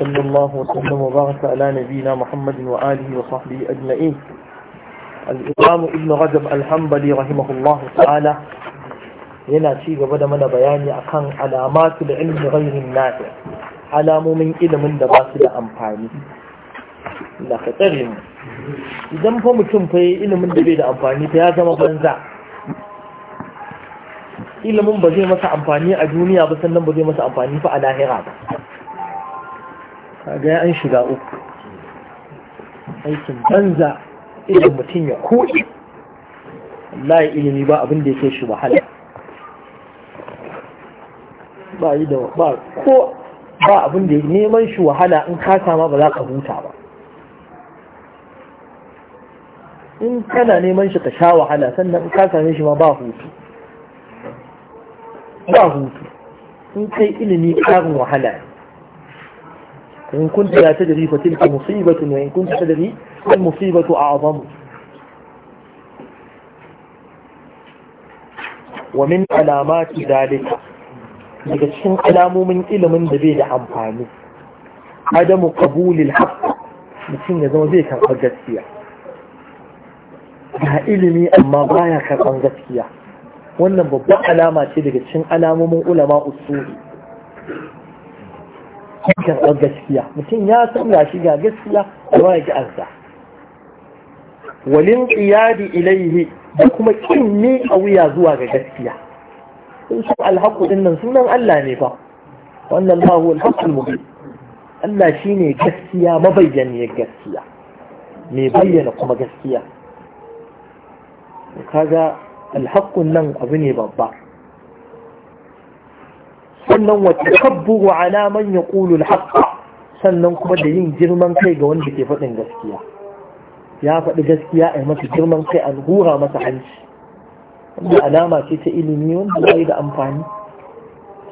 وصلى الله وسلم وبارك على نبينا محمد وآله وصحبه أجمعين الإمام ابن رجب الحنبلي رحمه الله تعالى yana cigaba da mana bayani akan alamatu da ilmi ghairin nafi alamomin ilimin da ba da amfani idan fa mutum fa yi ilimin da bai da amfani fa ya zama banza ilimin ba zai masa amfani a duniya ba sannan ba zai masa amfani fa a lahira ba kaga an shiga uku aikin banza idan mutum ya koɗi wallahi ilimi ba abin da ya kai shi wahala ba yi da ba ko ba abin da neman shi wahala in ka sama ba za ka huta ba in kana neman shi ka sha wahala sannan in ka same shi ma ba hutu ba hutu in kai ilimi karin wahala ne إن كنت لا تدري فتلك مصيبة وإن كنت تدري فالمصيبة أعظم ومن علامات ذلك daga cikin alamomin ilimin da bai da amfani adamu qabulil haqq mutum ya zama zai karɓar gaskiya ga ilimi amma baya karɓar gaskiya wannan babban alama ce daga cikin alamomin ulama usuli karɓar gaskiya mutum ya san ga shi ga gaskiya amma ya ji arza walin tsiyadi ilaihi da kuma kin ne a wuya zuwa ga gaskiya sun su alhaku din nan sunan Allah ne fa wannan ma huwa alhaqul mubin Allah shi ne gaskiya mabayyaniyar gaskiya mai bayyana kuma gaskiya kaga alhaqun nan abu ne babba sannan wata kabbu ala man ya ƙulu haqq sannan kuma da yin girman kai ga wanda ke faɗin gaskiya ya faɗi gaskiya a masa girman kai a gura masa hanci wanda alama ce ta ilimi wanda ba da amfani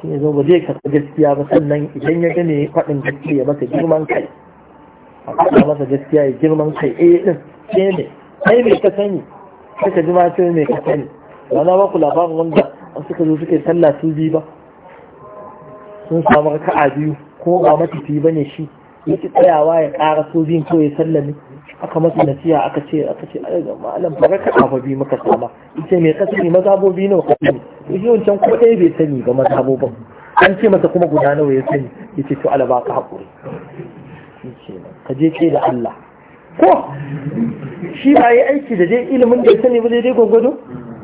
shi ne zo ba zai karɓi gaskiya ba sannan idan ya gane faɗin gaskiya ya masa girman kai a faɗa masa gaskiya ya girman kai eh din ke ne kai mai ka sani suka ji ma ce mai ka sani ba na ba ku labarin wanda suka zo suke yi sallah su biyu ba sun samu raka'a biyu ko ba matafi ba ne shi ya ci tsayawa ya ƙara so biyun ko ya sallame aka masu nasiya aka ce aka ce malam ba raka'a ba biyu muka sama ita mai kasani mazabobi nawa ka sani shi wancan ko ɗaya bai sani ba mazabobin an ce masa kuma guda nawa ya sani ya ce to alaba ka haƙuri ka je ce da Allah ko shi ba yi aiki da dai ilimin da ya sani ba daidai gwagwado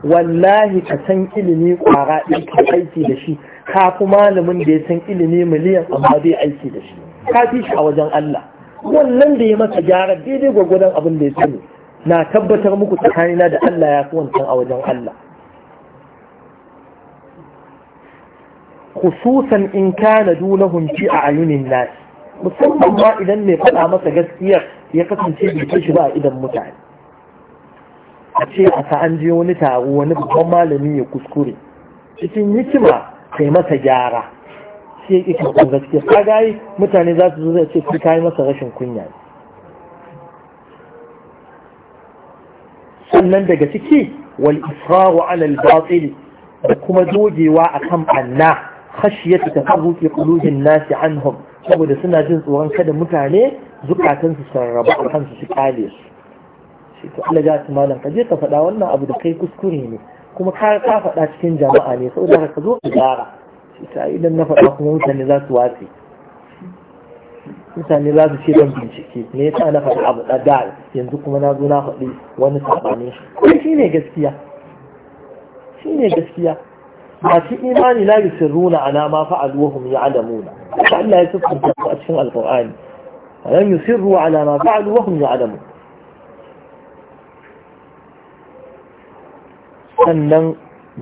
wallahi ka san ilimi kwara ɗin ka aiki da shi ka fi malamin da ya san ilimi miliyan amma zai aiki da shi ka fi shi a wajen Allah wannan da ya masa gyara daidai gwagwadon abin da ya sani na tabbatar muku tsakanina da Allah ya fi wancan a wajen Allah khususan in kana hunci a a'yunin nasi musamman ma idan mai faɗa masa gaskiyar ya kasance bai kai shi ba a idan mutane a ce a sa an je wani taro wani babban malami ya kuskure cikin hikima kai masa gyara sai ita kan gaske ka mutane za su zo da ce kun yi masa rashin kunya ne sannan daga ciki wal israru ala al da kuma dogewa akan anna khashiyatu tafarruqi qulubin nasi anhum saboda suna jin tsoron kada mutane zukatansu sarraba a kansu su kale su shi to Allah ya malam ka je ka faɗa wannan abu da kai kuskure ne kuma ka faɗa cikin jama'a ne saboda haka zo ka gyara sai idan na faɗa kuma mutane za su wace. mutane za su ce ban bincike me yasa na faɗi abu da da yanzu kuma na zo na faɗi wani saɓani kuma shi ne gaskiya shi ne gaskiya masu imani la yusirruna ala ma fa'alu wa hum ya'lamuna Allah ya sifanta su a cikin alqur'ani lam yusirru ala ma fa'alu wa hum ya'lamun sannan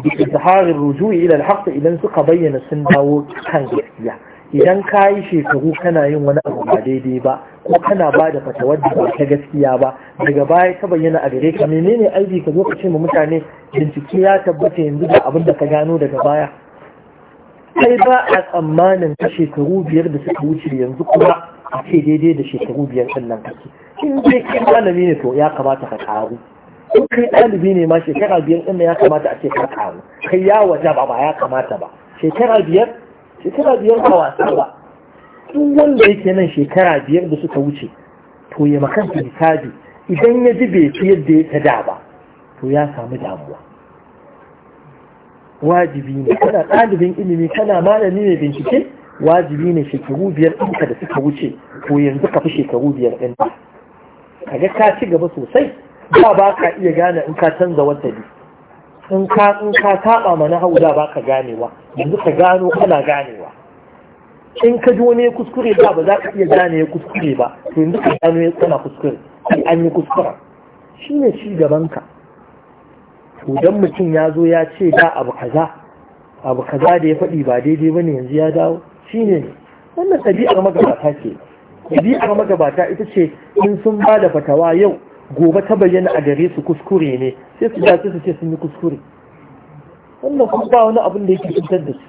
bi izharin rujui ila al idan suka bayyana sun dawo kan gaskiya idan ka yi shekaru kana yin wani abu ba daidai ba ko kana ba da fatawar da ba ta gaskiya ba daga baya ta bayyana a gare ka menene aiki ka zo ka ce ma mutane bincike ya tabbata yanzu da abin da ka gano daga baya sai ba a tsammanin ka shekaru biyar da suka wuce yanzu kuma a ce daidai da shekaru biyar ɗin nan kake in dai kin malami ne to ya kamata ka karu ko kai ɗalibi ne ma shekara biyar ɗin ya kamata a ce ka karu kai ya waje ba ba ya kamata ba shekara biyar shekara biyar ba wasa ba duk wanda yake nan shekara biyar da suka wuce to ya makanta hisabi idan ya ji bai fi yadda ya ta da ba to ya samu damuwa wajibi ne kana ɗalibin ilimi kana malami ne bincike wajibi ne shekaru biyar ɗinka da suka wuce to yanzu ka fi shekaru biyar ɗin ba ga ka ci gaba sosai ba ba ka iya gane in ka canza watanni. in ka in ka taba mana hau da ba ka ganewa yanzu ka gano kana ganewa in ka ji wani kuskure ba ba za ka iya gane ya kuskure ba to yanzu ka gano ya kana kuskure ai an yi kuskura shi ne shi ka. to dan mutum ya zo ya ce da abu kaza abu kaza da ya faɗi ba daidai ba ne yanzu ya dawo shi ne wannan ɗabi'ar magabata ce ɗabi'ar magabata ita ce in sun ba da fatawa yau gobe ta bayyana a gare su kuskure ne sai su dace su ce sun yi kuskure wannan kuma wani abin da yake fitar da su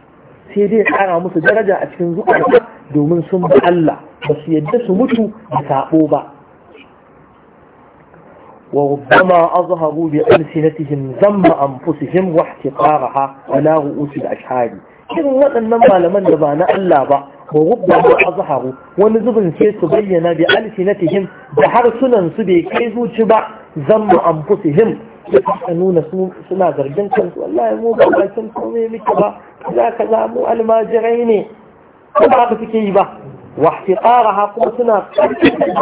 sai dai kara musu daraja a cikin zuƙarta domin sun bi Allah ba su yadda su mutu da sabo ba wa rubbama azharu bi alsinatihim zamma anfusihim wa ihtiqaraha wa la ru'us al ashhadi irin waɗannan malaman da ba na Allah ba ruɓe a zaharu wani zubin sai su bayyana bi alfinatihim da harsunan su bai kai zuci ba zama an fusi him suka nuna suna zargin kansu wallahi mu ba bakin kome miki ba za ka zamu almajirai ne ko ba ka suke yi ba wa fitara ha kuma suna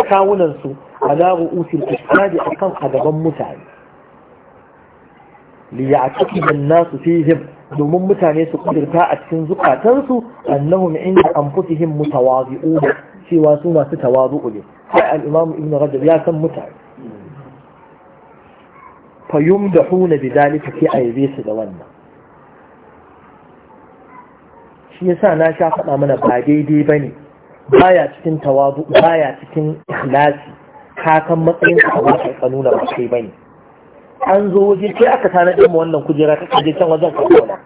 kawunansu a za ku usi ikirari a kan a gaban mutane liya a cikin fi him domin mutane su kudurta a cikin zukatansu annahum inda anfusihim mutawazi'una cewa su masu tawazu'u ne sai al-imam ibn rajab ya san mutane huna bi dalika sai a yabe su da wannan shi yasa na sha faɗa mana ba daidai bane baya cikin tawazu baya cikin ikhlasi ka kan matsayin ka ba ka ba kai an zo waje kai aka tanadar mu wannan kujera ka je can wajen ka zauna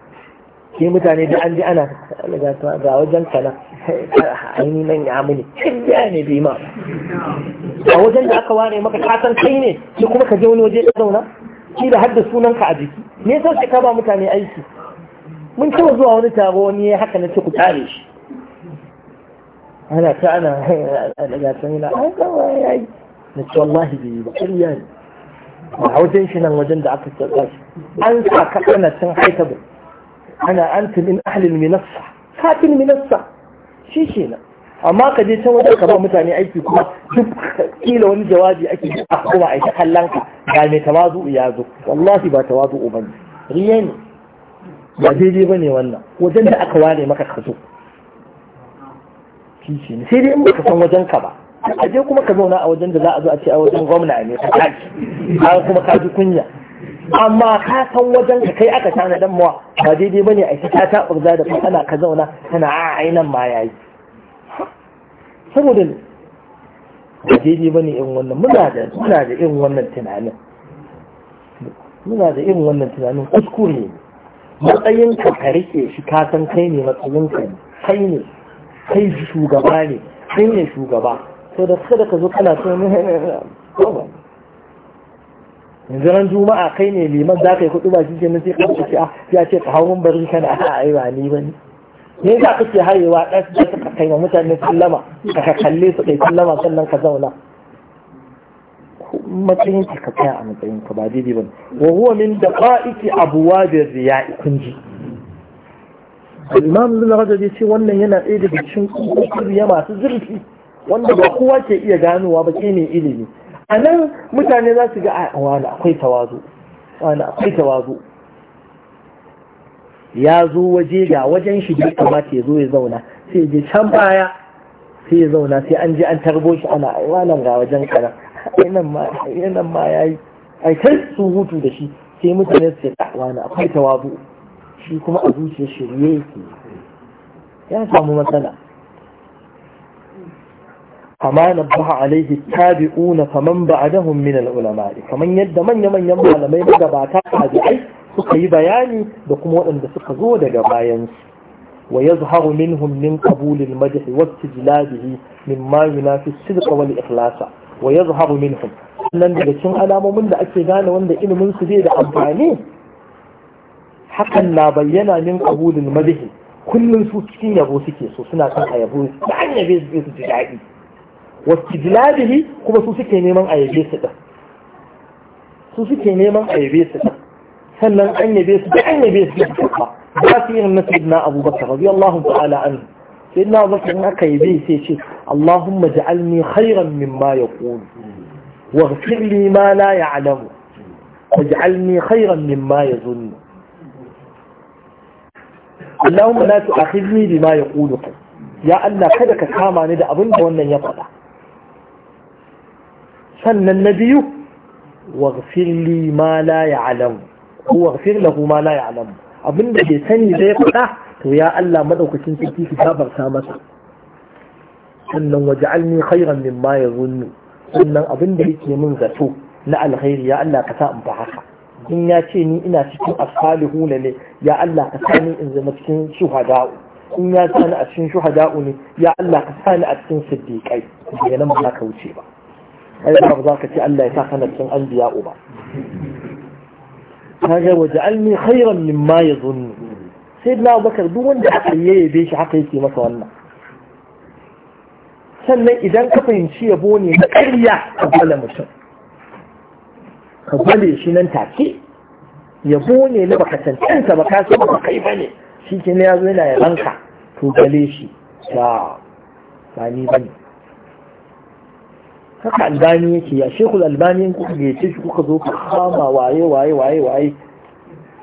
ke mutane da an ji ana ga wajen ka na aini nan ya mini kiriya ne bi ma a wajen da aka ware maka kasan kai ne shi kuma ka je wani waje ka zauna shi da hadda sunan ka a jiki me yasa sai ka ba mutane aiki mun taba zuwa wani taro wani ya haka na ce ku tare shi ana ta ana daga sanina ai kawai ai na ce wallahi bi ba kiriya ne ba wajen shi nan wajen da aka tsarka shi an sa ka ana cin haitabu ana an tilin ahalin minassa katin minassa shi ke nan amma ka je can wajen ka ba mutane aiki kuma duk kila wani jawabi ake a kuma a yi kallon ka ga mai tawazu ya zo wallahi ba tawazu ba ne riya ne ba daidai ba ne wannan wajen da aka ware maka ka zo shi ne sai dai in baka san wajen ka ba a je kuma ka zauna a wajen da za a zo a ce a wajen gwamna ne ka kaji 'an kuma ka ji kunya amma ka san wajen ka kai aka tana dan mawa ba daidai bane a ta ta burza da kana ka zauna kana a ainan ma yayi saboda ba daidai bane irin wannan muna da muna da irin wannan tunanin muna da irin wannan tunanin kuskure ne matsayin ka ka rike shi ka san kai ne matsayin ka kai ne kai shugaba ne kai ne shugaba to da kada ka zo kana tun yanzu ran juma'a kai ne liman za ka yi kuɗi ba shi ke nasi kan kuci ah, ya ce ka hau bari kana a yi ba ni ba ne ne za ka ce hayewa ɗan su ka kai ma mutane sallama ka ka kalle su kai sallama sannan ka zauna matsayin ka ka kaya a matsayin ka ba daidai ba wa huwa min da abwabir riya'i kunji al-imam ibn rajab ya ce wannan yana ɗaya daga cikin kungiyoyi masu zurfi wanda ba kowa ke iya ganowa ba shine ilimi a nan mutane za su ga a wani akwai tawazu wani akwai tawazu ya zo waje ga wajen shi da kamata ya zo ya zauna sai je can baya sai ya zauna sai an je an tarbo shi ana aiwanan ga wajen kanan ainan ma ya yi aikar su hutu da shi sai mutane su ta wani akwai tawazu shi kuma a zuciyar shirye yake ya samu matsala kama nabbaha alaihi tabi'una faman ba'dahum min al-ulama kaman yadda manya manyan malamai magabata tabi'ai suka yi bayani da kuma waɗanda suka zo daga bayan su wa yazharu minhum min qabul al-madh wa istijlabihi mimma yunafi as wal ikhlasa wa yazharu minhum nan daga cikin alamomin da ake gane wanda ilimin su zai da amfani hakan na bayyana min qabul al-madh kullun su cikin yabo suke so suna kan a yabo da yabe su ji daɗi wastijlabihi kuma su suke neman a yabe su din su suke neman a yabe su din sannan an yabe su da an yabe su din ba su irin na na sayyidina abubakar radiyallahu ta'ala anhu sayyidina abubakar in aka yabe sai ce allahumma ja'alni khairan mimma yaqulu واغفر لي ما لا يعلم واجعلني خيرا مما يظن اللهم لا تؤاخذني بما يقولك ya Allah kada ka kama ni da abin da wannan ya faɗa sannan na biyu waghfir li ma la ya'lam ko lahu ma la abinda bai sani zai fada to ya Allah madaukakin sarki ki gafarta masa sannan waj'alni khayran mimma yazunnu sannan abinda yake min zato na alkhairi ya Allah ka sa in fa haka in ya ce ni ina cikin asalihu ne ya Allah ka sa ni in zama cikin shuhada'u in ya sani a cikin shuhada'u ne ya Allah ka sani ni a cikin siddiqai bayanan ba ka wuce ba ai ba za ka ci Allah ya sa kana an biya uba kaga waja'alni khairan mimma yadhunnu sayyidina Abubakar duk wanda aka yabe shi haka yake masa wannan sannan idan ka fahimci yabo ne na ƙarya ka gwale mutum ka gwale shi nan take yabo ne na baka cancanta ba ka san ba kai bane shi ke ne ya zo yana yabanka to gale shi ta ba ni bane haka albani yake ya shekul albani in kuka ya ce shi kuka zo ka kama waye waye waye waye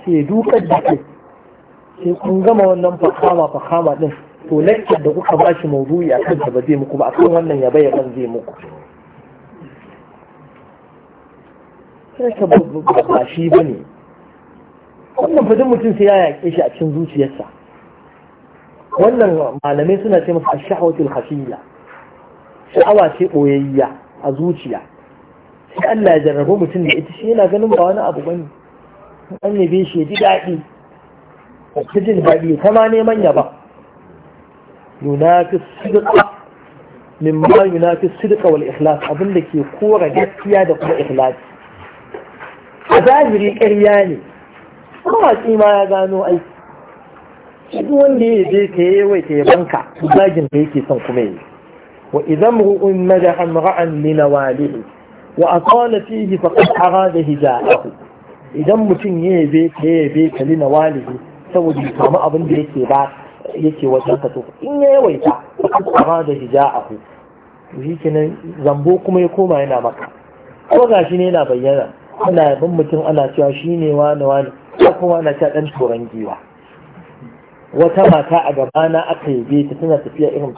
sai dukar da ke, sai kun gama wannan fakama fakama din to lakcin da kuka ba shi mawdu'i a kan ba zai muku ba akan wannan ya bayyana zai muku sai ka ba shi ne wannan fadin mutum sai ya yaƙe shi a cikin zuciyarsa wannan malamai suna ce masa ash-shahwatul khafiyya sha'awa ce ɓoyayya a zuciya sai Allah ya jarrabu mutum da ita shi yana ganin ba wani abu bane an yabe shi ji daɗi ta jin daɗi ta ma neman yaba yunafi sidqa min ma yunafi sidqa wal ikhlas abinda ke kora gaskiya da kuma ikhlas a zahiri ƙarya ne mawaƙi ma ya gano aiki shi wanda ya je ka yi wai ta yabanka zagin da yake son kuma yi وإذا امرؤ مدح امرأ لنواله وأطال فيه فقد أراد هجاءه إذا متن يبيك يبيك لنواله سوى كما أظن بيك بعد yake wajenta in ya yawaita faqad arada hija'ahu shi kenan zambo kuma ya koma yana maka ko gashi ne yana bayyana ana yabin mutum ana cewa ne wani wani kuma ana cewa ɗan turan wata mata a gabana aka yabe ta tana tafiya irin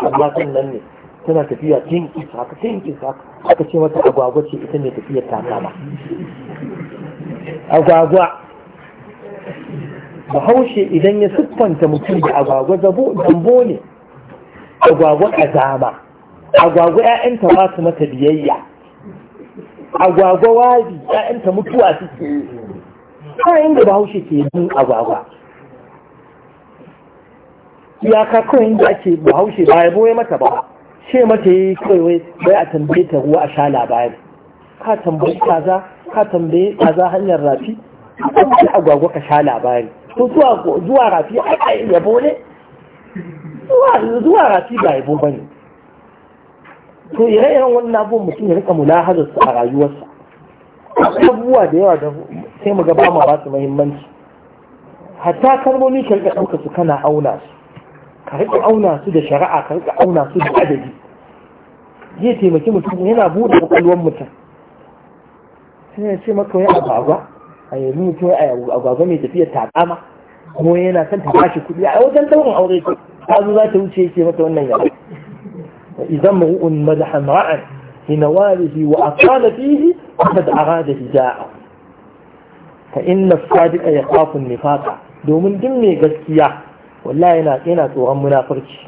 kama amma nan ne tana tafiya kisa haka jinki haka aka ce mata agwagwa ce ita ne tafiya ta kama agwagwa bahaushe idan ya siffanta mutum da agwagwa zambo ne agwagwa zama agwagwa ‘ya'yanta ba su mata biyayya agwagwa wabi ‘ya'yanta mutuwa suke yi ta inda bahaushe ke yi agwagwa iyaka kawai inda ake bahaushe ba ya boye mata ba ce mata yi kawai bai a tambaye ta ruwa a sha labari ka tambaye kaza ka tambaye kaza hanyar rafi ka agwagwa ka sha labari to zuwa rafi a yabo ne zuwa rafi ba yabo ba ne to ire-iren wannan abubuwan mutum ya rika mulahazarsa a rayuwarsa abubuwa da yawa da sai mu ga ba mu ba su muhimmanci hatta kalmomi ka rika ɗauka su kana auna su ka riƙa auna su da shari'a ka riƙa auna su da adadi zai taimaki mutum yana buɗe ƙwaƙwalwar mutum sai ya ce maka wani agwagwa a yanzu mutum a agwagwa mai tafiya takama kuma yana son ta bashi kuɗi a wajen daurin aure ta zo za ta wuce yake mata wannan yawa wa idan mu'un madaha ma'an hina walihi wa aqala fihi qad arada hija'a fa inna as-sadiqa yakhafu an-nifaqa domin din mai gaskiya wallah yana yana tsoron munafurci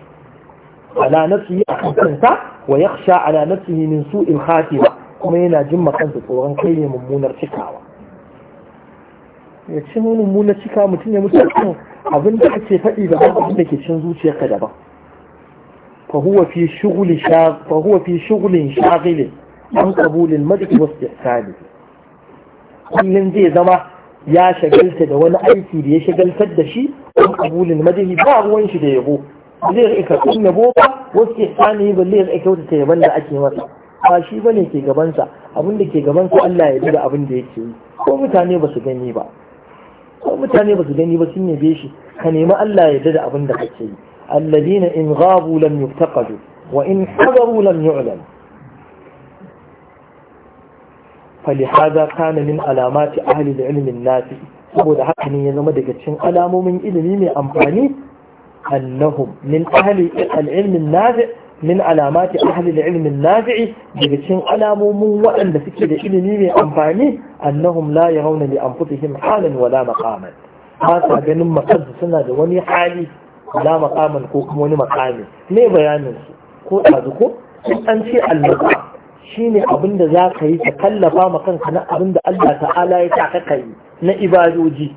ala nafsihi a kansa wa yakhsha ala nafsihi min su'il khatima kuma yana jin kansa tsoron kai ne mummunar cikawa ya ce mummunar cika mutum ya mutu abin da kake faɗi da abin da ke cin zuciyarka daban فهو في شغل شاغ فهو في شغل شاغل عن قبول kullum zai zama ya shagalta da wani aiki da ya shagaltar da shi don kabulin madahi ba ruwan shi da yabo zai rika kun yabo wasu ke sani ba zai rika kyautata yaban da ake masa ba shi ba ne ke gabansa abin da ke gabansa Allah ya duba abin da yake yi ko mutane ba su gani ba ko mutane ba su gani ba sun yabe shi ka nemi Allah ya duba abin da kake yi alladina in ghabu lam yuftaqadu wa in hadaru lam yu'lam فلهذا min من ahli da العلم النافع saboda haka ne ya zama daga cikin alamomin ilimi mai amfani annahum min ahli al nafi' min alamati ahli da ilimin nafi' daga cikin alamomin waɗanda suke da ilimi mai amfani annahum la ya yarawna li anfusihim halan wala maqaman ba sa ganin makazu suna da wani hali wala maqaman ko kuma wani maqami ne bayanin su ko dazu ko an ce al shine ne abinda za ka yi ka kallafa ma kanka na abinda Allah ta'ala ya sa ka yi na ibadoji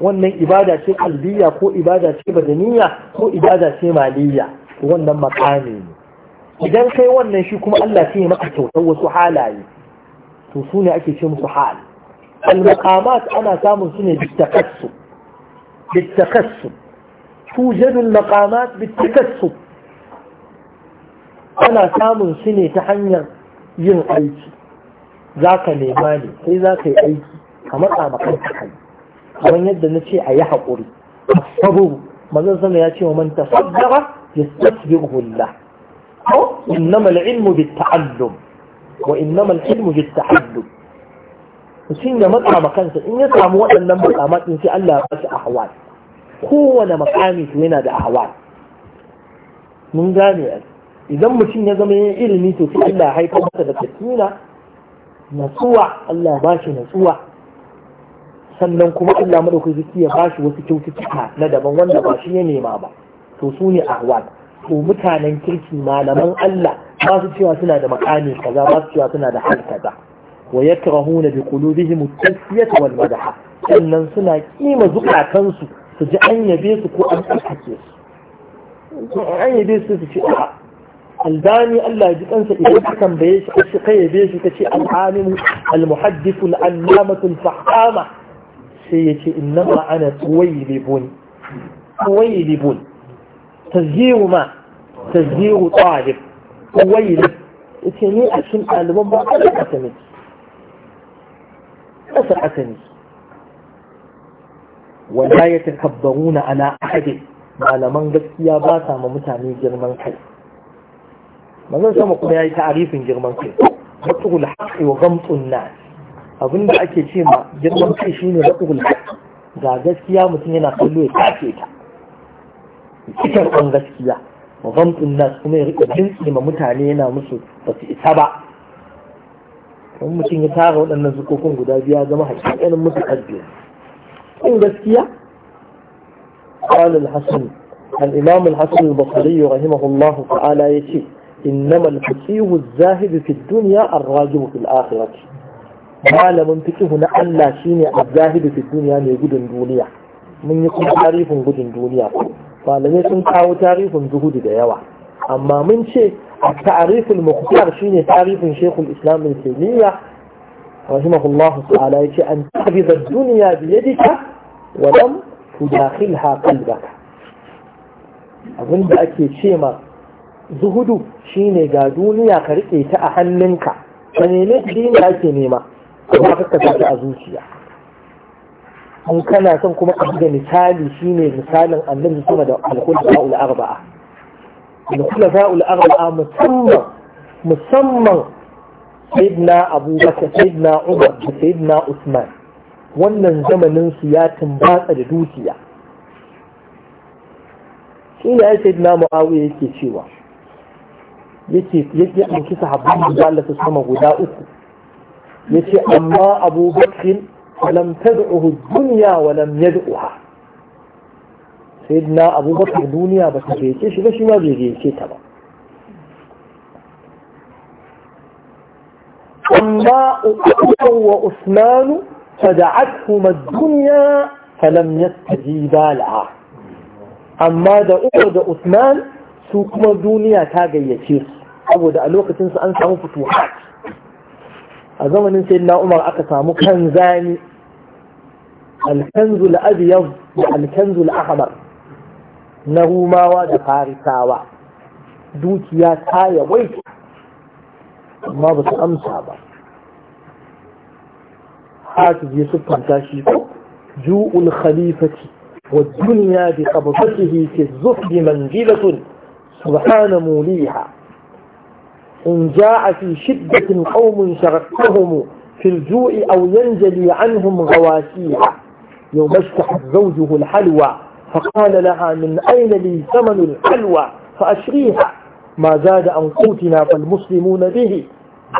wannan ibada ce kalbiya ko ibada ce badaniya ko ibada ce maliya wannan makami ne idan kai wannan shi kuma Allah sai ya maka kyautar wasu halaye to su ne ake ce musu hal al-maqamat ana samun su ne bitakassu bitakassu توجد المقامات بالتكسب ana samun su ne ta hanyar yin aiki za ka nema ne sai za ka yi aiki ka matsa ma kanka kai kamar yadda na ce a yi haƙuri a sabu manzon sama ya ce wa man tasaddara yastasbihu Allah ko innamal ilmu bit ta'allum wa innamal ilmu bi ta'allum mutum ya matsa ma kansa in ya samu waɗannan makamatin sai Allah ya bashi ahwal kowane makami to yana da ahwal mun gane idan mutum ya zama yin ilimi to sai Allah ya masa da na natsuwa Allah ba shi natsuwa sannan kuma Allah madaukaki ya ba shi wasu kyaututtuka na daban wanda ba shi ya nema ba to su ne ahwal to mutanen kirki malaman Allah ba su cewa suna da makami kaza ba su cewa suna da hal kaza wa yakrahuna bi qulubihim at-tasfiyata wal madaha sannan suna kima zukatansu su ji an yabe su ko an tsakake su an yabe su su ce الباني الله جئنس إذاكم بيش أشقي بيش كشي العالم المحدث العلامة الفحامة سيتي إنما أنا تويلبون تويلبون تزيغ ما تزيغ طالب تويلب إتني أشم ألوم أسر أتمي أسر أتمي ولا يتكبرون على أحد على من قد يباتا ممتعني جرمان حيث manzon sama kuma ya yi ta'arifin girman kai matsugul haƙi wa ghamtun nas abinda ake ce ma girman kai shi ne matsugul ga gaskiya mutum yana kallo ya tace ta cikin ɗan gaskiya wa gamtsun nas kuma ya riƙe jinsi ma mutane yana musu ba su isa ba in mutum ya tara waɗannan zukokin guda biya zama musu mutakabbir in gaskiya قال الحسن الإمام الحسن البصري رحمه الله تعالى يشيء إنما الفقيه الزاهد في الدنيا الراجع في الآخرة ما لم فقه نعلا شيني الزاهد في الدنيا يقود الدنيا من يكون تعريف قد الدنيا فلن يكون تعريف زهود ديوا أما من شيء التعريف المختار شيني تعريف شيخ الإسلام من تيمية رحمه الله تعالى أن تحفظ الدنيا بيدك ولم تداخلها قلبك أظن بأكيد شيء ما zuhudu shine ga duniya ka riƙe ta a hannunka ka nemi shi ne ake nema kuma ka kasa a zuciya in kana son kuma ka da misali shine misalin annabi sama da alkhulafa'ul arba'a alkhulafa'ul arba'a musamman musamman sayyidina abubakar sayyidina umar da sayyidina usman wannan zamanin su ya tumbatsa da dukiya shi ne ya sayyidina muawiya yake cewa yace ya ɗauki sahabban manzo Allah ta sama guda uku yace amma Abu Bakr lam tad'uhu dunya wa lam yad'uha sayyidina Abu Bakr duniya ba ta gece shi ba shi ma bai gece ta ba amma Abu wa Usman فدعتهما الدنيا فلم يستجيبا لها أما دا أخر دا أثمان su kuma duniya ta gayyace su saboda a lokacin su an samu futuhat a zamanin sai na umar aka samu kan zani alkanzul abiyar da alkanzul ahmar na rumawa da farisawa dukiya ta yawai amma ba su amsa ba haka je su fanta shi ko ju'ul khalifati wa duniya bi qabdatihi fi zufi manzilatun subhana muliha إن جاء في شدة قوم شرقتهم في الجوع أو ينجلي عنهم غواسيها يوم اشتحت زوجه الحلوى فقال لها من أين لي ثمن الحلوى فأشريها ما زاد عن قوتنا فالمسلمون به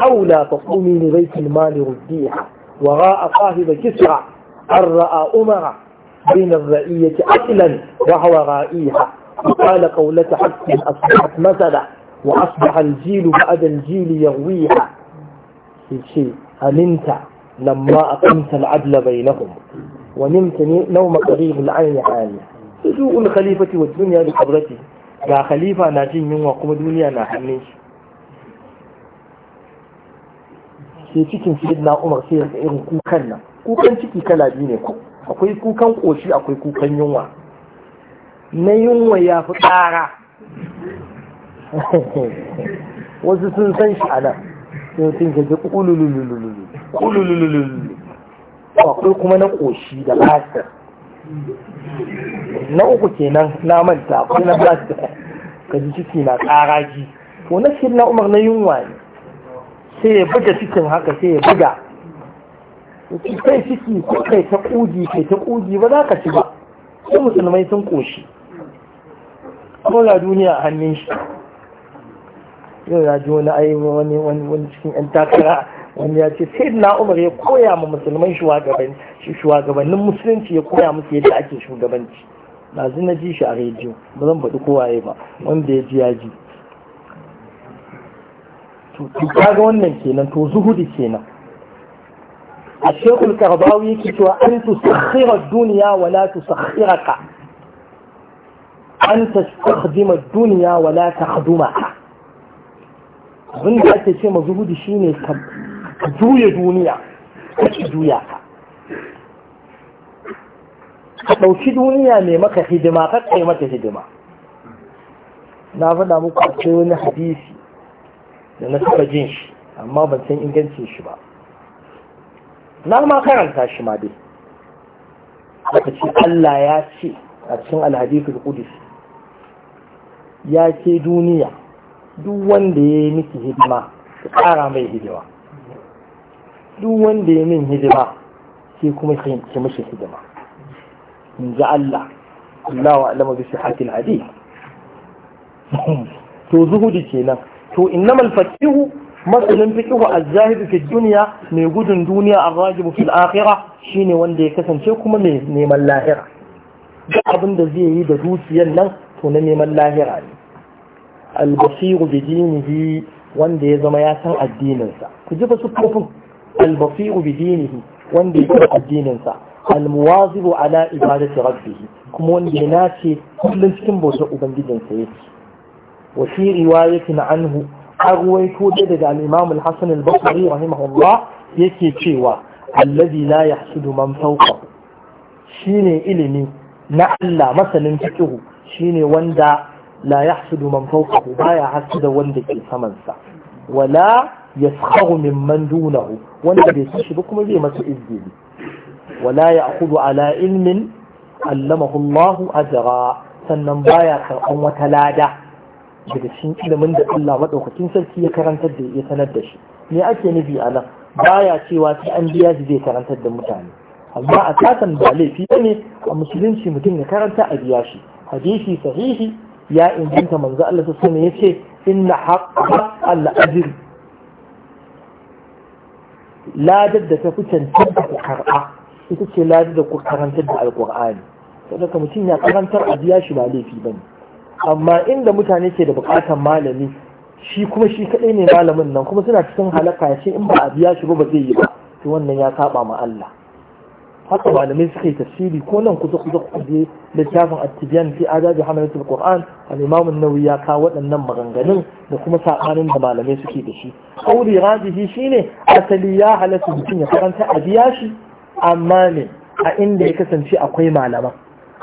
أو لا تصومي لبيت المال رديها وراء صاحب كسرى أن رأى أمر بين الرئية أكلا وهو رائيها وقال قولة حق أصبحت مثلا وأصبح الجيل بعد الجيل يغويها شيء أمنت لما أقمت العدل بينهم ونمت نوم قريب العين عالي سجوء الخليفة والدنيا لقبرته يا خليفة ناجين من وقوم الدنيا ناحنيش sai cikin sayyidina Umar sai ga irin kukan nan kukan ciki kala biyu ne ko akwai kukan koshi akwai kukan yunwa na yunwa ya fi tsara wasu sun san shi a nan sai sun gaji ƙulululululu ƙulululululu akwai kuma na ƙoshi da lasir na uku kenan na manta akwai na lasir ka ji ciki na ƙaraji to na shi na umar na yunwa ne sai ya buga cikin haka sai ya buga kai ciki ko kai ta ƙugi kai ta ƙugi ba za ka ci ba sai musulmai sun ƙoshi kuma duniya a hannun shi yau ya ji wani ai wani wani cikin yan takara wani ya ce sai na umar ya koya ma musulman shugabannin musulunci ya koya musu yadda ake shugabanci na na ji shi a rediyo ba zan faɗi kowaye ba wanda ya ji ya ji to kaga wannan kenan to zuhudi kenan a shekul karbawi yake cewa an sakhira duniya wa la ka an tastakhdima duniya wa la ka. abin da ake ce ma zuhudu shine ka juya duniya ci juya ka ka ɗauki duniya ne maka hidima ka kai mata hidima na faɗa muku akwai wani hadisi da na taɓa jin shi amma ban san ingancin shi ba na ma karanta shi ma dai aka ce Allah ya ce a cikin alhadisul qudus ya ce duniya duk wanda ya yi miki hidima ki ƙara mai hidima duk wanda ya min hidima sai kuma ki mishi hidima in ji Allah Allah wa alama bi sihatil hadi to zuhudi kenan to innamal faqihu masalin fiqihu a zahiru fi duniya mai gudun duniya a raji fi al shine wanda ya kasance kuma mai neman lahira duk abin da zai yi da zuciyar nan to na neman lahira ne albasiru bi dinihi wanda ya zama ya san addininsa ku ji su kofin albasiru bi dinihi wanda ya san addininsa almuwazibu ala ibadati rabbihi kuma wanda ya nace kullum cikin bautar ubangijinsa yake wa fi riwayatin anhu arwaito da daga al-imam al-hasan al-basri rahimahullah yake cewa allazi la yahsudu man fawqahu shine ilimi na Allah masanin fiqh shine wanda la yahsudu man fawqahu baya hasada wanda ke saman sa wala yaskharu mimman dunahu wanda bai san ba kuma zai masu izgili wala ya'khudhu ala ilmin allamahu Allah ajra sannan baya karɓan wata lada daga cikin ilimin da Allah maɗaukacin sarki ya karantar da ya sanar da shi me ake nufi a nan baya cewa sai an biya shi zai karantar da mutane amma a kasan ba laifi ne a musulunci mutum ya karanta a biya shi hadisi sahihi ya inganta manzo Allah ta ya yace inna haqqa al-ajr ladar da ta fi cancanta ku ita ce ladar da ku karantar da alƙur'ani ka mutum ya karantar a shi ba laifi ba ne amma inda mutane ke da buƙatar malami shi kuma shi kadai ne malamin nan kuma suna cikin halaka ya ce in ba a biya shi ba ba zai yi ba to wannan ya saba ma Allah haka malamai suka yi tafsiri ko nan kusa kusa kuje littafin attibiyan fi adabi hamalatul qur'an al-imam an-nawawi ya kawo waɗannan maganganun da kuma saɓanin da malamai suke da shi qawli rajihi shine asali ya halatta mutum ya karanta a biya shi amma ne a inda ya kasance akwai malama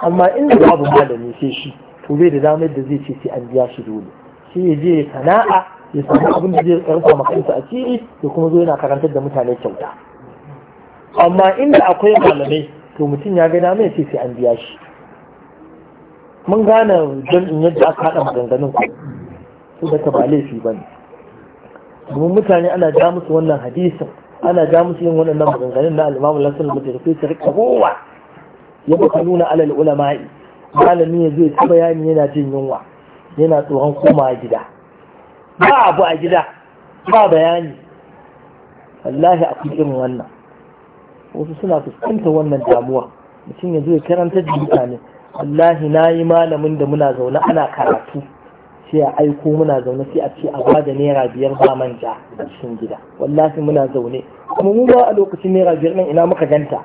amma inda babu malami sai shi to bai da damar da zai ce sai an biya shi dole sai ya je sana'a ya samu abin da zai rufa makansa a ciki ya kuma zo yana karantar da mutane kyauta amma inda akwai malamai to mutum ya gada mai sai sai an biya shi mun gane don in yadda aka haɗa maganganun ku su da ta ba laifi ba ne domin mutane ana ja musu wannan hadisin ana ja musu yin waɗannan maganganun na alimamu lasan mutarfi su rika kowa ya baka nuna alal ulama'i malami ya zai taba bayani yana jin yunwa yana tsoron koma gida ba abu a gida ba bayani wallahi akwai irin wannan wasu suna fuskantar wannan damuwa mutum ya zo ya karanta da mutane wallahi na yi malamin da muna zaune ana karatu sai a aiko muna zaune sai a ce a bada naira biyar ba manja a cikin gida wallahi muna zaune kuma mu ba a lokacin naira biyar nan ina muka ganta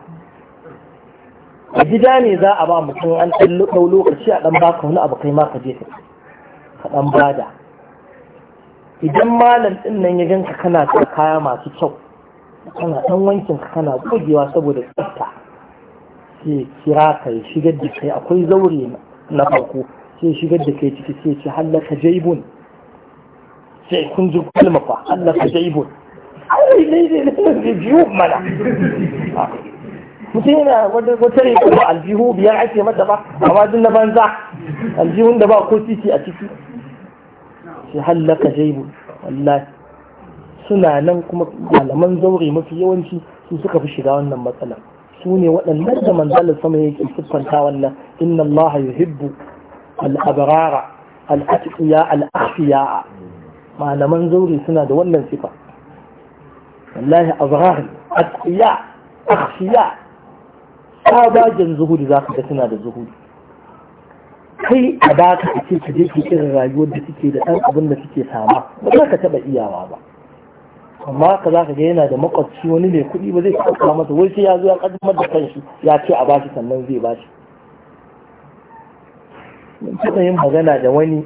a gida ne za a ba mutum an ɗau lokaci a ɗan baka wani abu kai ma ka ka ɗan bada idan malam ɗin nan ya ganka kana da kaya masu kyau kana ɗan wankin ka kana gogewa saboda tsafta sai kira ka yi shigar da kai akwai zaure na farko sai shigar da kai ciki sai ce hallaka jaibun sai kun ji kalma fa hallaka jaibun ai dai dai dai biyu mana mutum yana wata ne kuma aljihu biyar ake mata ba amma duk na banza aljihun da ba ko titi a ciki sai hallaka jaibun wallahi suna nan kuma malaman zaure mafi yawanci su suka fi shiga wannan matsalar su ne waɗannan da manzalar sama yake siffanta wannan inna allaha yuhibbu al-abrara al-atqiya al malaman zaure suna da wannan sifa wallahi abrar atqiya afiya sabajen zuhudi za ka ga suna da zuhudi kai a baka a ka je ki irin rayuwar da suke da ɗan abin da suke sama ba za ka taɓa iyawa ba amma ka za ka ga yana da makwabci wani mai kuɗi ba zai kawo masa wai sai ya zo ya kaddamar da kanshi ya ce a bashi sannan zai bashi mun yin magana da wani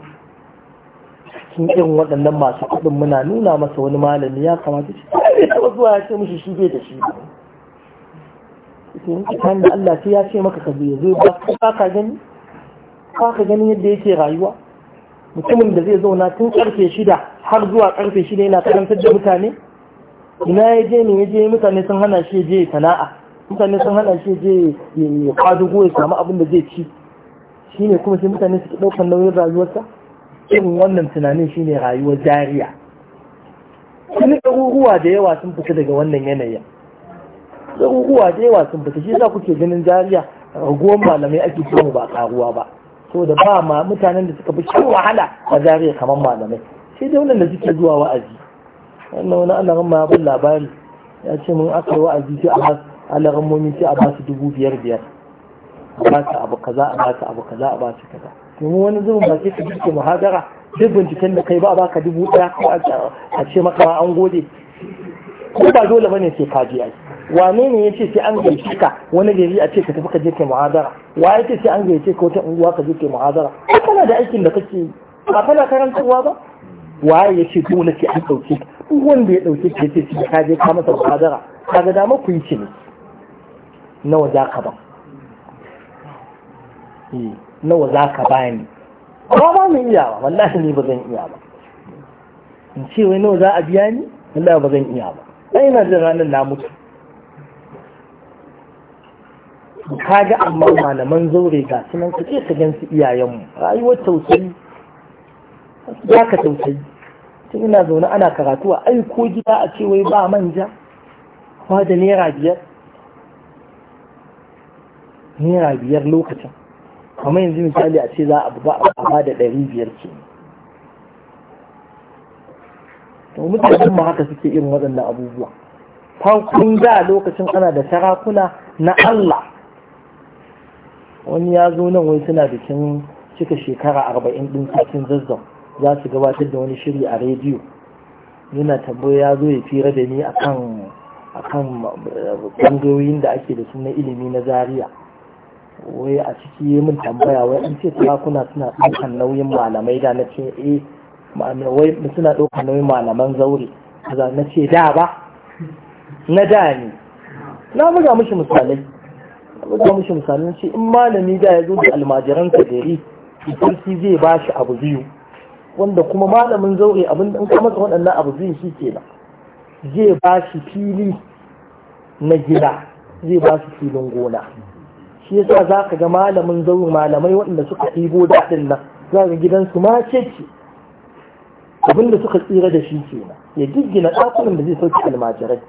cikin irin waɗannan masu kuɗin muna nuna masa wani malami ya kamata shi bai taɓa zuwa ya ce mishi shi bai da shi ba kan da Allah sai ya ce maka ka zai zo ba ka ka gani ka ka gani yadda yake rayuwa mutumin da zai zauna tun karfe shida har zuwa karfe shida yana karantar da mutane ina ya je ne ya je mutane sun hana shi je sana'a mutane sun hana shi je ya kwadugo ya samu abin da zai ci shi ne kuma sai mutane suke ɗaukar nauyin rayuwarsa irin wannan tunanin shi ne rayuwar jariya wani ɗaruruwa da yawa sun fita daga wannan yanayin ɗaruruwa da yawa sun fita shi ku kuke ganin jariya raguwar malamai ake samu ba karuwa ba saboda ba ma mutanen da suka fi shi wahala a jariya kamar malamai sai dai da suke zuwa wa'azi wannan wani alarin ma ban labari ya ce mun aka yi wa'azi ce a basu alarin momin ce a basu dubu biyar biyar a basu abu kaza a basu abu kaza a basu kaza domin wani zubin ba sai ka ke muhadara duk binciken da kai ba baka dubu ɗaya ko a ce maka ba an gode ko ba dole bane sai ka je ai wane ne ya ce sai an gaishe ka wani gari a ce ka tafi ka je kai muhadara wa ya ce sai an gaishe ka wata unguwa ka je kai muhadara ko kana da aikin da kake ba kana karantarwa ba waye ya ce dole sai an ɗauke ka duk wanda ya ɗauke ka ce shi ka je ka masa kadara ka ga dama ku yi ci ne nawa za ka ba eh, nawa za ka ba ni ba ba mu iya ba wallahi ni ba zan iya ba in ce wai nawa za a biya ni wallahi ba zan iya ba sai na jin ranar na mutu kaga amma malaman zaure ga sunan ka ce ka gan su iyayenmu rayuwar tausayi ya ka tausayi tun ina zaune ana karatu a aiko gida a ce wai ba manja ba da naira biyar naira biyar lokacin kamar yanzu misali a ce za a ba da ɗari biyar ke to mutanen ma haka suke irin waɗannan abubuwa farkon da lokacin ana da sarakuna na Allah wani ya zo nan wai suna bikin cika shekara arba'in ɗin cikin zazzau za su gabatar da wani shiri a rediyo Nuna, tambayo ya zo ya fira da ni akan kan eh, bangoyoyin da ake da su na ilimi na Zariya. wai a ciki yi min tambaya wai an ce kuna suna ɗaukar nauyin malamai da na ce eh wai suna ɗaukar nauyin malaman zaure na ce da ba na da ne na buga mushi misalai buga mushi misalai ce in malami da ya zo da almajiran kadari idan zai ba shi abu biyu wanda kuma malamin zaure abin da in kama masa waɗannan abu zai shi kenan zai ba shi fili na gida zai ba shi filin gona shi yasa za ka ga malamin zaure malamai waɗanda suka ɗibo daɗin nan za ka gidansu ma ce ce abin da suka tsira da shi kenan ya giggina ɗakunan da zai sauke almajirai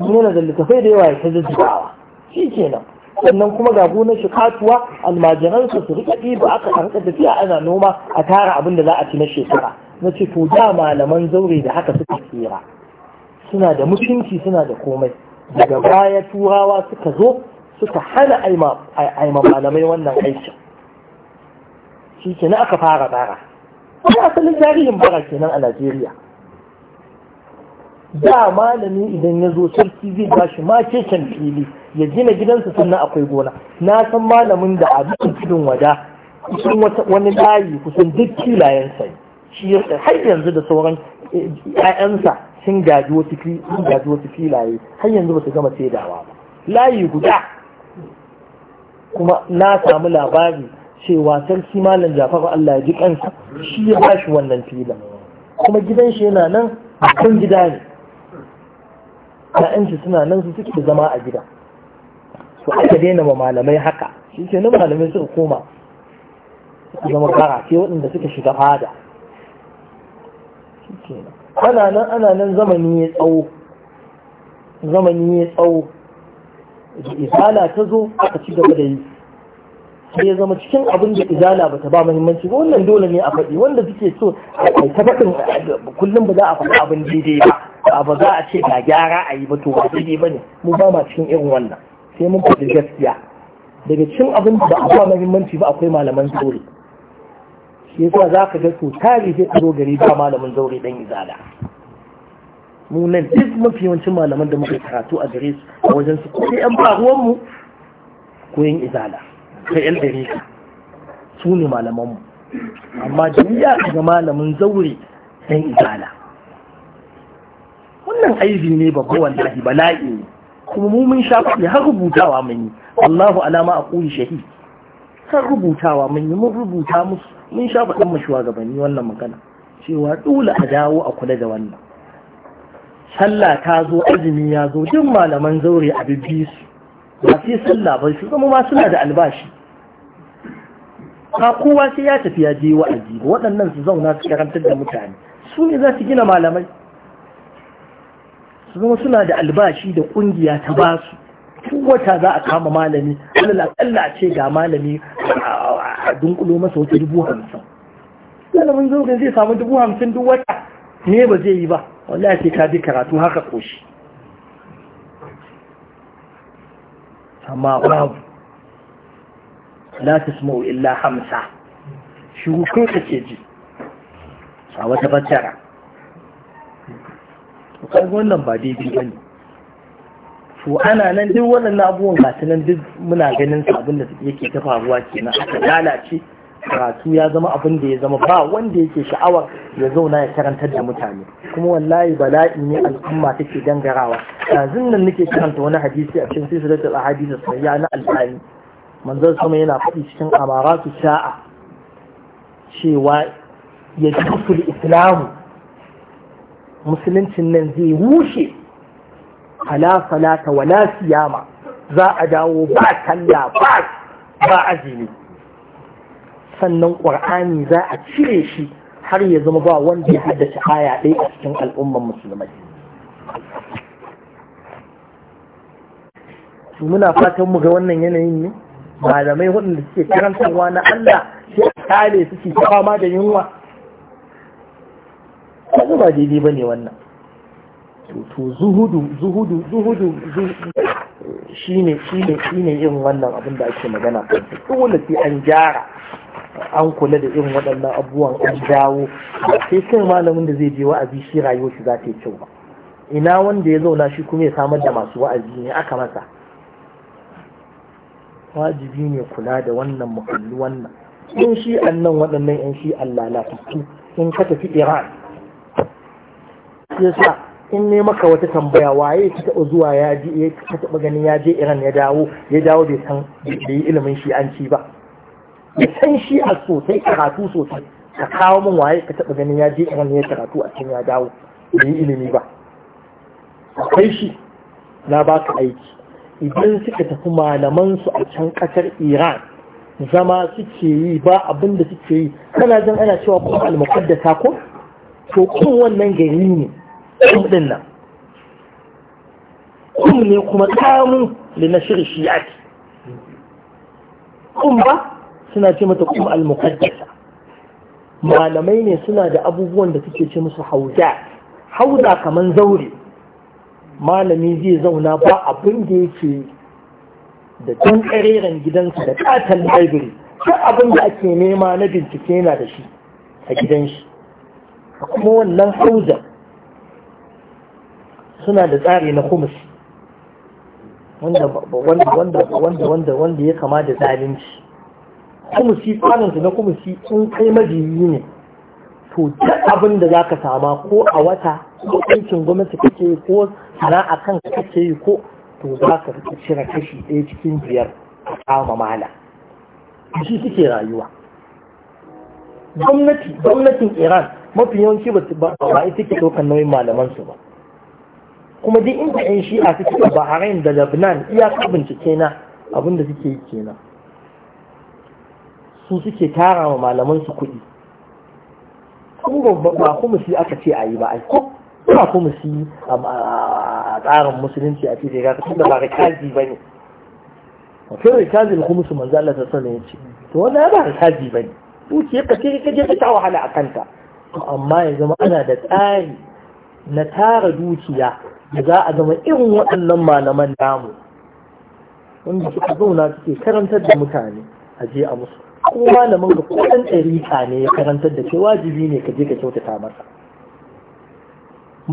yana da littafai da yawa ya ta jajjawa shi kenan sannan kuma ga gonar shi katuwa almajiransa su rika ɗiba aka harka tafiya ana noma a tara abin da za a ci na shekara na ce to da malaman zaure da haka suka tsira suna da mutunci suna da komai daga baya turawa suka zo suka hana aima malamai wannan aikin shi ke aka fara bara wani asalin tarihin bara kenan a najeriya da malami idan ya zo sarki zai ba shi makeken fili ya gina gidansa sannan akwai gona na san malamin da a dukkan cikin wada kusan wani layi kusan duk filayensa shi har yanzu da sauran eh, ƴaƴansa sun gaji wasu filaye har yanzu ba su gama saidawa ba layi guda kuma na samu labari cewa sarki malam jafaru Allah ya ji kansa shi ya ba shi wannan filin kuma gidan shi yana nan kan gida ne ƴaƴansu suna nan su suke zama a gida to aka daina ma malamai haka shi ce na malamai suka koma suka zama kara ce waɗanda suka shiga fada ana nan ana nan zamani ya tsawo zamani ya tsawo da izala ta zo aka ci gaba da yi ya zama cikin abin da izala ba ta ba muhimmanci ba wannan dole ne a faɗi wanda suke so a ta faɗin kullum ba za a faɗi abin daidai ba ba za a ce ga gyara a yi ba to ba daidai ba ne mu ba ma cikin irin wannan sai mun faɗi gaskiya daga cikin abin da ba a ba muhimmanci ba akwai malaman zaure shi yasa za ka ga to tari zai tsaro gari ba malamin zaure dan izala mu nan duk mafi yawancin malaman da muka karatu a gare su a wajen su ko sai an ba mu ko izala ka yan dariƙa su ne malamanmu amma da ya ga malamin zaure ɗan izala wannan aibi ne babba wallahi bala'i ne kuma mu mun sha kuɗi har rubutawa mun yi Allahu alama a ƙuri shahi har rubutawa mun yi mun rubuta musu mun sha kuɗin mu shugabanni wannan magana cewa dole a dawo a kula da wannan sallah ta zo azumi ya zo duk malaman zaure a bibbi su ba sai sallah ba su zama ma suna da albashi ba kowa sai ya tafi ya je wa'azi ba waɗannan su zauna su karantar da mutane su ne za su gina malamai su zama suna da albashi da ƙungiya ta ba su tun wata za a kama malami alalakalla akalla ce ga malami a dunkulo masa wata dubu hamsin malamin zaurin zai samu dubu hamsin duk wata ne ba zai yi ba ya ce ka bi karatu haka koshi amma babu la tasma'u illa hamsa shi hukun ji a wata fassara kan wannan ba daidai bane to ana nan duk wannan abubuwan gasu nan duk muna ganin abin da yake ta faruwa kenan aka lalace karatu ya zama abin da ya zama ba wanda yake sha'awar ya zauna ya karantar da mutane kuma wallahi bala'i ne al'umma take dangarawa yanzu nan nake karanta wani hadisi a cikin silsilatul ahadith sahiha na albani manzan sama yana faɗi cikin su sha'a, cewa ya juful islamu musuluncin nan zai rushe ala salata wala siyama za a dawo ba talla ba ba sannan ƙwar'ani za a cire shi har ya zama ba wanda ya haddace aya ɗaya a cikin al'umman musulmai muna fatan mu ga wannan yanayin ne malamai waɗanda suke karantarwa na Allah sai a kare suke fama da yunwa kaga ba daidai ne wannan to zuhudu zuhudu zuhudu ne Shi ne yin wannan abin da ake magana dole sai an gyara an kula da irin waɗannan abubuwan an dawo sai kai malamin da zai je wa'azi shi rayuwar shi za ta yi kyau ba ina wanda ya zauna shi kuma ya samar da masu wa'azi ne aka masa wajibi ne kula da wannan mu wannan in shi annan waɗannan yan shi Allah lalatattu in ka tafi Iran yasa in ne maka wata tambaya waye ka taɓa zuwa ya je ka taɓa ganin ya je Iran ya dawo ya dawo bai san bai yi ilimin shi an ci ba ya san shi a sosai karatu sosai ka kawo min waye ka taɓa ganin ya je Iran ya karatu a can ya dawo bai yi ilimi ba akwai shi na ka aiki idan suka tafi malamansu a can kasar iran zama suke yi ba abin da suke yi kana jin ana cewa kuma almuqaddasa ko to kun wannan gari ne kun din nan kun ne kuma kamun da na shiri shi'ati kun ba suna ce mata kuma almuqaddasa malamai ne suna da abubuwan da suke ce musu hauda hauda kaman zaure malami zai zauna ba abin da yake da don ƙareren gidansa da ƙatan library duk abin da ake nema na bincike yana da shi a gidan shi kuma wannan hauza suna da tsari na kuma wanda wanda wanda ya kama da zalunci kumusi su na kumusi sun kai majiyi ne to duk abin da za ka sama ko a wata ko aikin gwamnati kake ko a kan kake yi ko to za ka rika cire kashi ɗaya cikin biyar a kama mala shi suke rayuwa gwamnati gwamnatin iran mafi yawanci ba ba ita ke ɗaukar nauyin malaman su ba kuma duk inda yan shi'a suke a bahrain da lebanon iyaka bincike na abinda suke yi kenan su suke tara ma malaman su kuɗi kuma ba kuma shi aka ce a yi ba ai ba kuma su a tsarin musulunci a cikin ga da ba kazi ba ne akwai kazi da kuma su manzan Allah ta sanin ya ce to ya ba ba ne dukiyar ka ce ka je ta wahala a kanta to amma ya zama ana da tsari na tara dukiya da za a zama irin waɗannan malaman namu wanda suka zauna suke karantar da mutane a je a musu kuma malamin ga ɗan ne ya karantar da ke wajibi ne ka je ka kyautata masa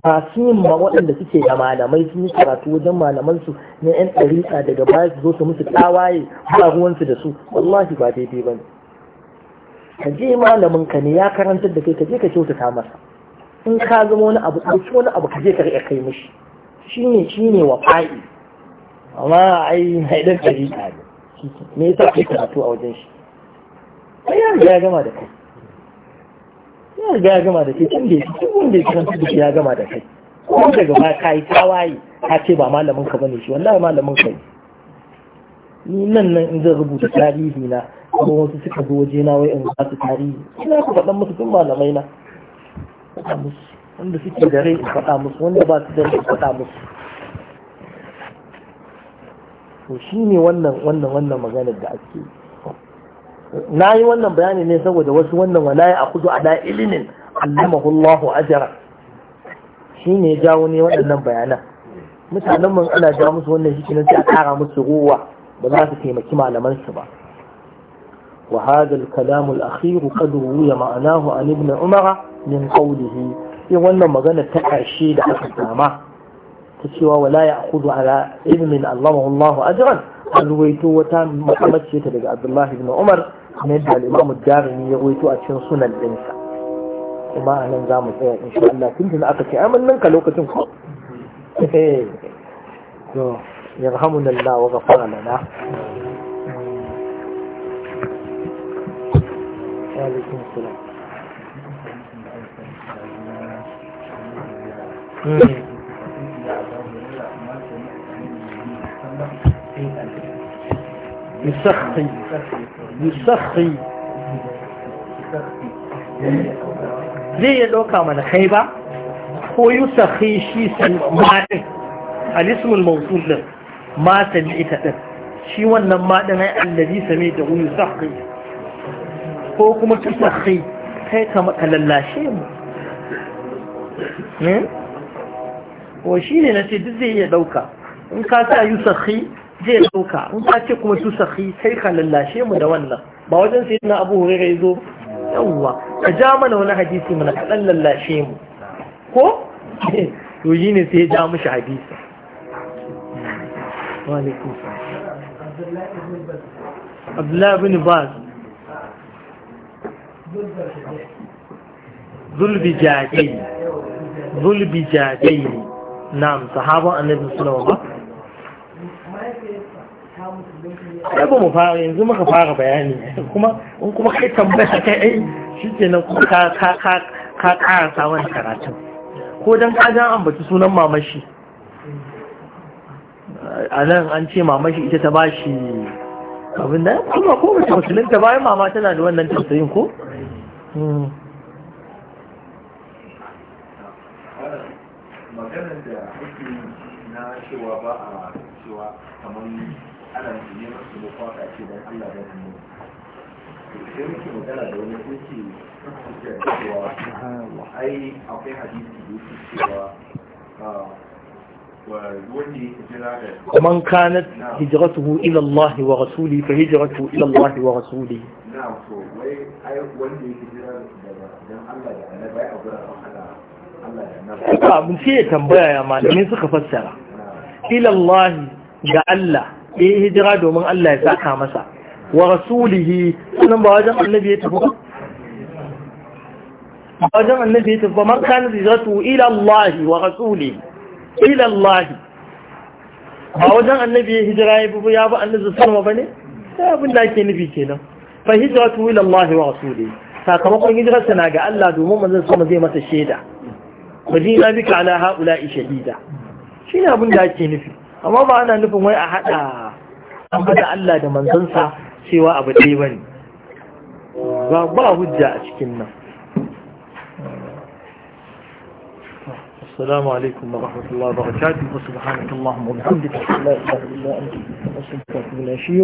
masu yin ma waɗanda suke da malamai sun yi karatu wajen malamansu na 'yan ɗariƙa daga baya su zo su musu tawaye ba ruwansu da su wallahi ba daidai ba ne ka je malamin ka ne ya karantar da kai ka je ka kyautata masa in ka zama wani abu ɗauki wani abu ka je ka riƙa kai mishi shine shine wa fa'i amma ai mai ɗan ɗariƙa ne me yasa yi karatu a wajen shi ya gama da kai ya riga ya gama da kai tun da ya duk da ya karanta da ya gama da kai ko daga baya ka yi tawaye ka ce ba malamin ka bane shi wallahi malamin ka ni nan nan in zan rubuta tarihi na kuma wasu suka zo waje na wai in ba su tarihi ina ku faɗan musu tun malamai na wanda suke gare in faɗa musu wanda ba su da in faɗa musu to ne wannan wannan wannan maganar da ake yi na yi wannan bayani ne saboda wasu wannan walaya a kudu da ilinin allamahu Allahu ajara shi ne jawo ne waɗannan bayanan mutanen mun ana jawo musu wannan shi sai a ƙara musu ruwa ba za su taimaki malaman su ba wa hadha al-kalam al-akhir qad ruwiya ma'anahu an ibn umara min qawlihi in wannan magana ta ƙarshe da aka sama ta cewa wala ya'khudhu ala ilmin allamahu Allahu ajran an ruwaito wata makamace ta daga Abdullahi ibn Umar kuma yadda al'imamu jarumi ya waito a cikin sunan ɗinsa kuma a nan za mu tsaya in sha Allah tun tun aka ce amin nan ka lokacin ko to yarhamuna Allah wa ghafara lana alaikum salam Mm-hmm. يسخي yusakhi zai ya ɗauka mana kai ba ko yusakhi shi san maɗin alismul mausul din ma sami ita ɗin shi wannan maɗin ai allazi sami da yusakhi ko kuma tusakhi kai ka maka lallashe mu ko shi ne na ce duk zai iya ɗauka in ka sa yusakhi zai ɗauka in ka ce kuma su sahi sai ka lallashe mu da wannan ba wajen sai na abu hurera ya zo yawwa ka ja mana wani hadisi mana kaɗan lallashe mu ko to yi ne sai ya ja mushi hadisi Abdullahi bin Baz zulbi jadai zulbi jadai na'am sahaban annabi sallallahu alaihi wasallam kai ba mu fara yanzu muka fara bayani kuma in kuma kai tambaya kai ai shi ke nan ka ka ka karasa wani karatun ko dan ka an ambaci sunan mamashi a nan an ce mamashi ita ta bashi abin da kuma ko mace ta bayan mama tana da wannan tausayin ko hmm. maganar da ake na cewa ba a cewa kamar أنا آه، ومن كانت نعم. هجرته إلى الله ورسوله فهجرته إلى الله ورسوله نعم, يعني، يعني، نعم. آه، من شيء تنبيه يا مالي من سخف السرع نعم. إلى الله جعل الله ya yi hijira domin Allah ya saka masa wa rasulihi sunan ba wajen annabi ya tafi ba wajen annabi ya tafi ba man kana hijratu ila Allah wa rasulihi ila Allah ba wajen annabi ya hijira ya bi ya bi annabi ba ne? sai abin da ake nufi kenan fa hijratu ila Allah wa rasulihi sakamakon hijirarsa na ga Allah domin manzon sama zai masa shaida Madina bika ala haula shahida shine abin da ake nufi amma ba ana nufin wai a hada an faɗa Allah da manzansa cewa abu ɗaya bane ba ba hujja a cikin nan السلام عليكم ورحمة الله وبركاته وسبحانك اللهم وبحمدك لا إله إلا أنت أستغفرك وأتوب إليك